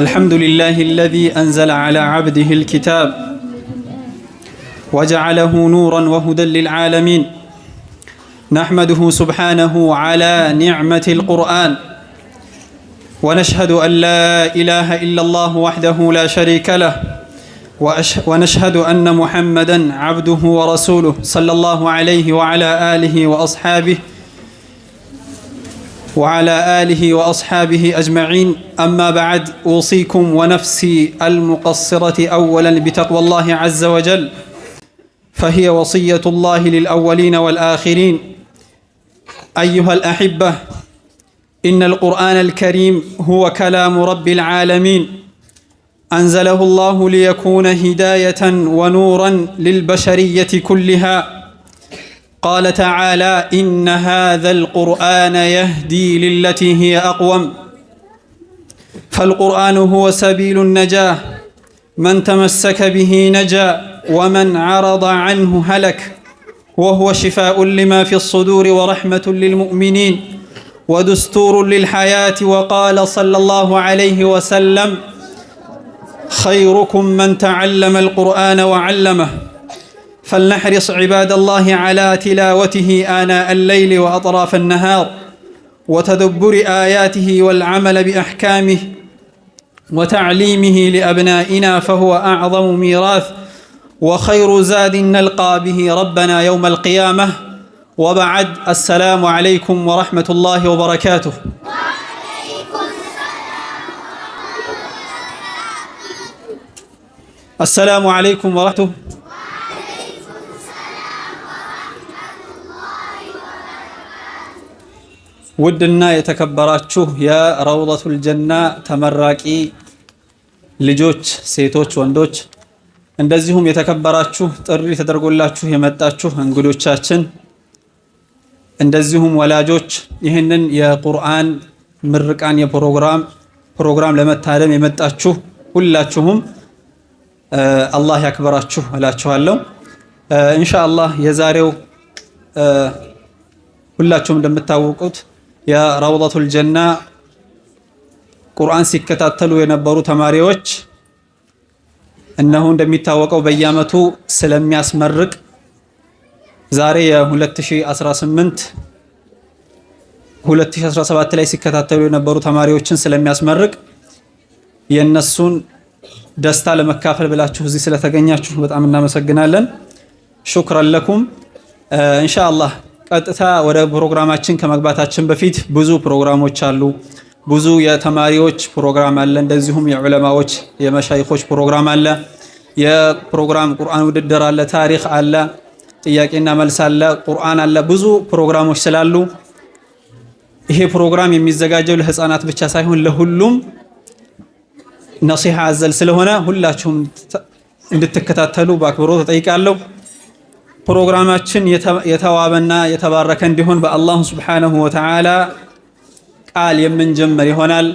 الحمد لله الذي أنزل على عبده الكتاب وجعله نورا وهدى للعالمين نحمده سبحانه على نعمة القرآن ونشهد أن لا إله إلا الله وحده لا شريك له ونشهد أن محمدا عبده ورسوله صلى الله عليه وعلى آله وأصحابه وعلى اله واصحابه اجمعين اما بعد اوصيكم ونفسي المقصره اولا بتقوى الله عز وجل فهي وصيه الله للاولين والاخرين ايها الاحبه ان القران الكريم هو كلام رب العالمين انزله الله ليكون هدايه ونورا للبشريه كلها قال تعالى إن هذا القرآن يهدي للتي هي أقوم فالقرآن هو سبيل النجاة من تمسك به نجا ومن عرض عنه هلك وهو شفاء لما في الصدور ورحمة للمؤمنين ودستور للحياة وقال صلى الله عليه وسلم خيركم من تعلم القرآن وعلمه فلنحرص عباد الله على تلاوته آناء الليل وأطراف النهار وتدبر آياته والعمل بأحكامه وتعليمه لأبنائنا فهو أعظم ميراث وخير زاد نلقى به ربنا يوم القيامة وبعد السلام عليكم ورحمة الله وبركاته السلام عليكم ورحمة الله ውድና የተከበራችሁ የረውደቱል ጀና ተመራቂ ልጆች፣ ሴቶች፣ ወንዶች እንደዚሁም የተከበራችሁ ጥሪ ተደርጎላችሁ የመጣችሁ እንግዶቻችን እንደዚሁም ወላጆች ይህንን የቁርአን ምርቃን የፕሮግራም ፕሮግራም ለመታደም የመጣችሁ ሁላችሁም አላህ ያክበራችሁ እላችኋለሁ። ኢንሻአላህ የዛሬው ሁላችሁም እንደምታወቁት የረውደቱል ጀና ቁርአን ሲከታተሉ የነበሩ ተማሪዎች እነሆ እንደሚታወቀው በየአመቱ ስለሚያስመርቅ ዛሬ የ2018 2017 ላይ ሲከታተሉ የነበሩ ተማሪዎችን ስለሚያስመርቅ የእነሱን ደስታ ለመካፈል ብላችሁ እዚህ ስለተገኛችሁ በጣም እናመሰግናለን። ሹክረን ለኩም ኢንሻአላህ ቀጥታ ወደ ፕሮግራማችን ከመግባታችን በፊት ብዙ ፕሮግራሞች አሉ። ብዙ የተማሪዎች ፕሮግራም አለ። እንደዚሁም የዑለማዎች የመሻይኮች ፕሮግራም አለ። የፕሮግራም ቁርአን ውድድር አለ። ታሪክ አለ። ጥያቄና መልስ አለ። ቁርአን አለ። ብዙ ፕሮግራሞች ስላሉ ይሄ ፕሮግራም የሚዘጋጀው ለህፃናት ብቻ ሳይሆን ለሁሉም ነሲሃ አዘል ስለሆነ ሁላችሁም እንድትከታተሉ በአክብሮ ተጠይቃለሁ። ፕሮግራማችን የተዋበና የተባረከ እንዲሆን በአላህ ሱብሓነሁ ወተዓላ ቃል የምንጀምር ይሆናል።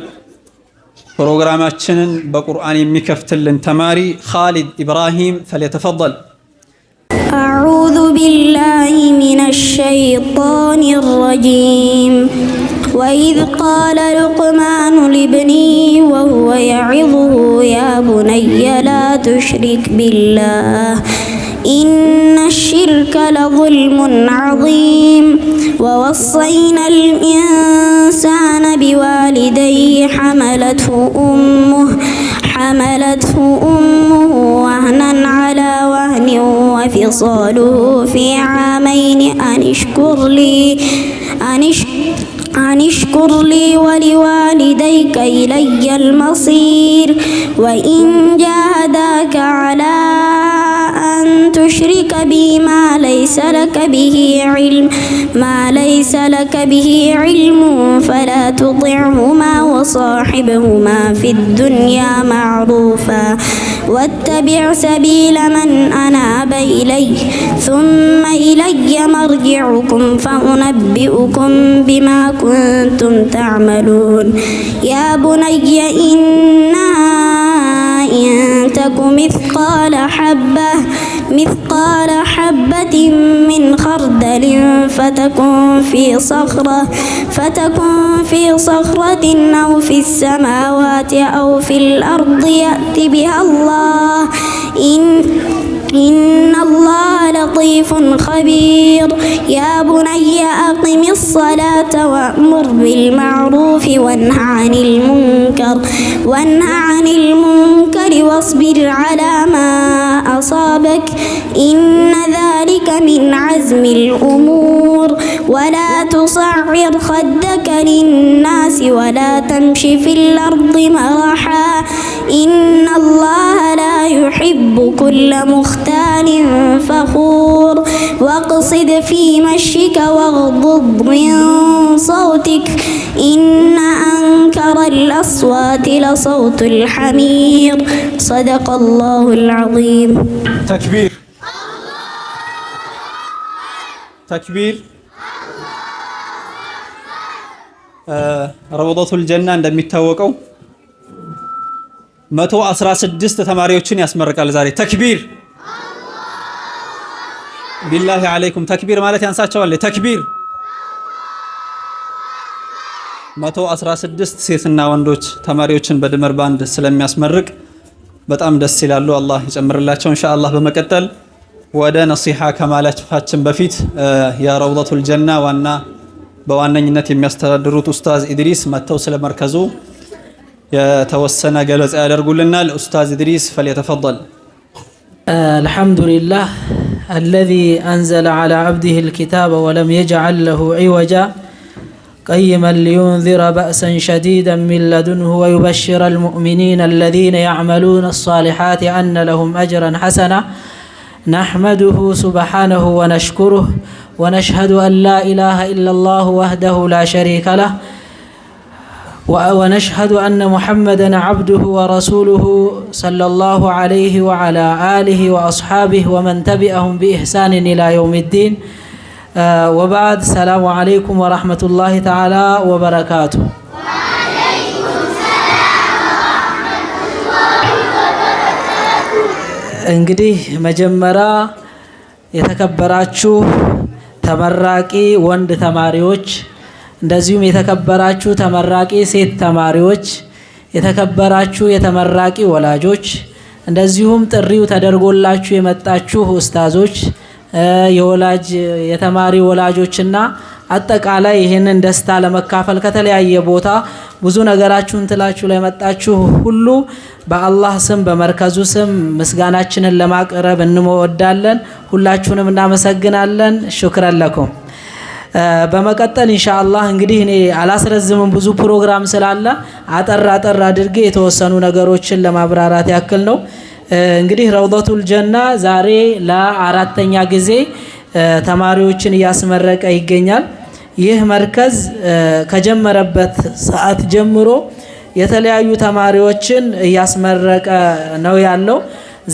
ፕሮግራማችንን በቁርአን የሚከፍትልን ተማሪ ኻሊድ ኢብራሂም ፈሊተፈደል። አዑዙ ቢላሂ ሚነሽ ሸይጣኒ ረጂም ወኢዝ ቃለ ሉቅማኑ ሊብኒሂ ወሁወ የዒዙሁ ያ ቡነየ ላ ቱሽሪክ ቢላህ إن الشرك لظلم عظيم ووصينا الإنسان بوالديه حملته أمه حملته أمه وهنا على وهن وفصاله في عامين أن اشكر لي أن أن اشكر لي ولوالديك إلي المصير وإن جاهداك على بي ما ليس لك به علم ما ليس لك به علم فلا تطعهما وصاحبهما في الدنيا معروفا واتبع سبيل من أناب إلي ثم إلي مرجعكم فأنبئكم بما كنتم تعملون يا بني إنا إن تك مثقال حبة مثقال حبة من خردل فتكن في صخرة فتكون في صخرة أو في السماوات أو في الأرض يأت بها الله إن إن الله لطيف خبير يا بني أقم الصلاة وأمر بالمعروف وانه عن المنكر وانه عن المنكر واصبر على ما أصابك إن ذلك من عزم الأمور ولا تصعر خدك للناس ولا تمشي في الأرض مرحا إن الله لا يحب كل مختال فخور واقصد في مشيك واغضض من صوتك إن أنكر الأصوات لصوت الحمير صدق الله العظيم تكبير تكبير آه، روضة الجنة ጀና እንደሚታወቀው መቶ ስድስት ተማሪዎችን ያስመርቃል ዛሬ። ተክቢር ቢላሂ አለይኩም ተክቢር ማለት ያንሳቸዋል። ተክቢር መቶ ሴትና ወንዶች ተማሪዎችን በድምር ባንድ ስለሚያስመርቅ በጣም ደስ ይላሉ። አላህ ይጨምርላቸው ኢንሻአላህ። በመቀጠል ወደ ነሲሃ ከማለፋችን በፊት የረውደቱል ጀና ዋና በዋነኝነት የሚያስተዳድሩት ኡስታዝ ኢድሪስ መጥተው ስለ መርከዙ يا توسنا የተወሰነ ገለጻ ያደርጉልናል። ኡስታዝ ኢድሪስ ፈሊተፈضል الحمد لله الذي أنزل على عبده الكتاب ولم يجعل له عوجا قيما لينذر بأسا شديدا من لدنه ويبشر المؤمنين الذين يعملون الصالحات أن لهم أجرا حسنا نحمده سبحانه ونشكره ونشهد أن لا إله إلا الله وحده لا شريك له ونشهد أن محمدا عبده ورسوله صلى الله عليه وعلى آله وأصحابه ومن تبعهم بإحسان إلى يوم الدين وبعد السلام عليكم ورحمة الله تعالى وبركاته እንግዲህ መጀመሪያ የተከበራችሁ ተመራቂ ወንድ ተማሪዎች እንደዚሁም የተከበራችሁ ተመራቂ ሴት ተማሪዎች፣ የተከበራችሁ የተመራቂ ወላጆች፣ እንደዚሁም ጥሪው ተደርጎላችሁ የመጣችሁ ኡስታዞች፣ የወላጅ የተማሪ ወላጆችና አጠቃላይ ይህንን ደስታ ለመካፈል ከተለያየ ቦታ ብዙ ነገራችሁን ትላችሁ ላይ መጣችሁ ሁሉ በአላህ ስም በመርከዙ ስም ምስጋናችንን ለማቅረብ እንወዳለን። ሁላችሁንም እናመሰግናለን። ሹክረን ለኩም በመቀጠል ኢንሻአላህ እንግዲህ እኔ አላስረዝምም ብዙ ፕሮግራም ስላለ አጠር አጠር አድርጌ የተወሰኑ ነገሮችን ለማብራራት ያክል ነው። እንግዲህ ረውደቱል ጀና ዛሬ ለአራተኛ ጊዜ ተማሪዎችን እያስመረቀ ይገኛል። ይህ መርከዝ ከጀመረበት ሰዓት ጀምሮ የተለያዩ ተማሪዎችን እያስመረቀ ነው ያለው።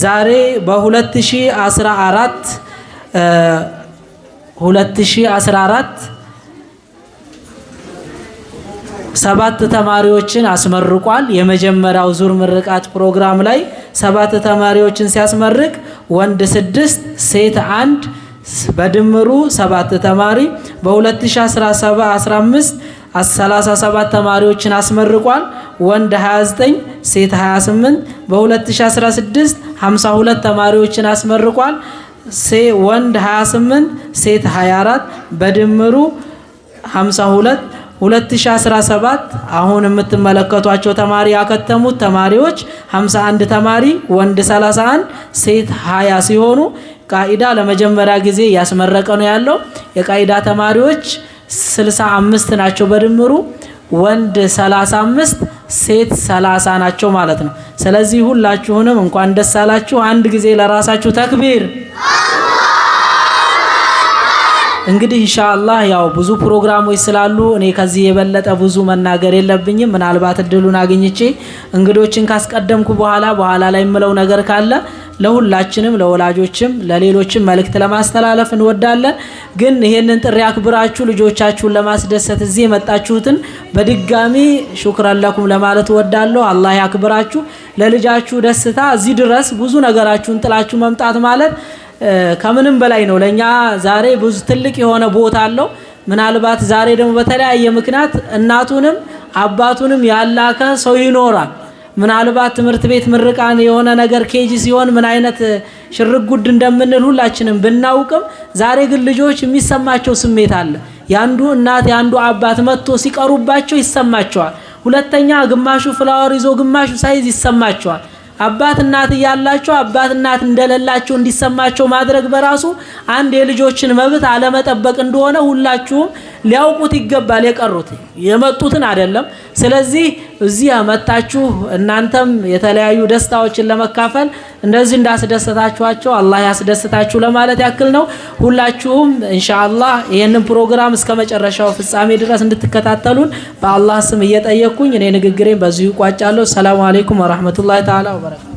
ዛሬ በ2014 2014 ሰባት ተማሪዎችን አስመርቋል። የመጀመሪያው ዙር ምርቃት ፕሮግራም ላይ ሰባት ተማሪዎችን ሲያስመርቅ ወንድ ስድስት ሴት አንድ በድምሩ ሰባት ተማሪ በ 15 37 ተማሪዎችን አስመርቋል። ወንድ 29 ሴት 28 በ2016 52 ተማሪዎችን አስመርቋል። ወንድ 28 ሴት 24 በድምሩ 52 2017 አሁን የምትመለከቷቸው ተማሪ ያከተሙት ተማሪዎች 51 ተማሪ ወንድ 31 ሴት 20 ሲሆኑ ቃኢዳ ለመጀመሪያ ጊዜ እያስመረቀ ነው ያለው። የቃኢዳ ተማሪዎች 65 ናቸው በድምሩ ወንድ 35 ሴት 30 ናቸው ማለት ነው። ስለዚህ ሁላችሁንም እንኳን ደስ አላችሁ። አንድ ጊዜ ለራሳችሁ ተክቢር። እንግዲህ ኢንሻአላህ ያው ብዙ ፕሮግራሞች ስላሉ እኔ ከዚህ የበለጠ ብዙ መናገር የለብኝም። ምናልባት እድሉን አግኝቼ እንግዶችን ካስቀደምኩ በኋላ በኋላ ላይ የምለው ነገር ካለ ለሁላችንም ለወላጆችም ለሌሎችም መልእክት ለማስተላለፍ እንወዳለን። ግን ይሄንን ጥሪ አክብራችሁ ልጆቻችሁን ለማስደሰት እዚህ የመጣችሁትን በድጋሚ ሹክረን ለኩም ለማለት እወዳለሁ። አላህ ያክብራችሁ። ለልጃችሁ ደስታ እዚህ ድረስ ብዙ ነገራችሁን ጥላችሁ መምጣት ማለት ከምንም በላይ ነው። ለእኛ ዛሬ ብዙ ትልቅ የሆነ ቦታ አለው። ምናልባት ዛሬ ደግሞ በተለያየ ምክንያት እናቱንም አባቱንም ያላከ ሰው ይኖራል። ምናልባት ትምህርት ቤት ምርቃን የሆነ ነገር ኬጂ ሲሆን ምን አይነት ሽርጉድ እንደምንል ሁላችንም ብናውቅም፣ ዛሬ ግን ልጆች የሚሰማቸው ስሜት አለ። የአንዱ እናት የአንዱ አባት መጥቶ ሲቀሩባቸው ይሰማቸዋል። ሁለተኛ ግማሹ ፍላወር ይዞ ግማሹ ሳይዝ ይሰማቸዋል። አባት እናት እያላቸው አባት እናት እንደሌላቸው እንዲሰማቸው ማድረግ በራሱ አንድ የልጆችን መብት አለመጠበቅ እንደሆነ ሁላችሁም ሊያውቁት ይገባል። የቀሩት የመጡትን አይደለም። ስለዚህ እዚህ መታችሁ እናንተም የተለያዩ ደስታዎችን ለመካፈል እንደዚህ እንዳስደሰታችኋቸው አላህ ያስደስታችሁ ለማለት ያክል ነው። ሁላችሁም እንሻአላህ ይህንን ፕሮግራም እስከ መጨረሻው ፍጻሜ ድረስ እንድትከታተሉን በአላህ ስም እየጠየቅኩኝ እኔ ንግግሬን በዚሁ ይቋጫለሁ። ሰላሙ አሌይኩም ወራህመቱላሂ ተዓላ ወበረካቱ።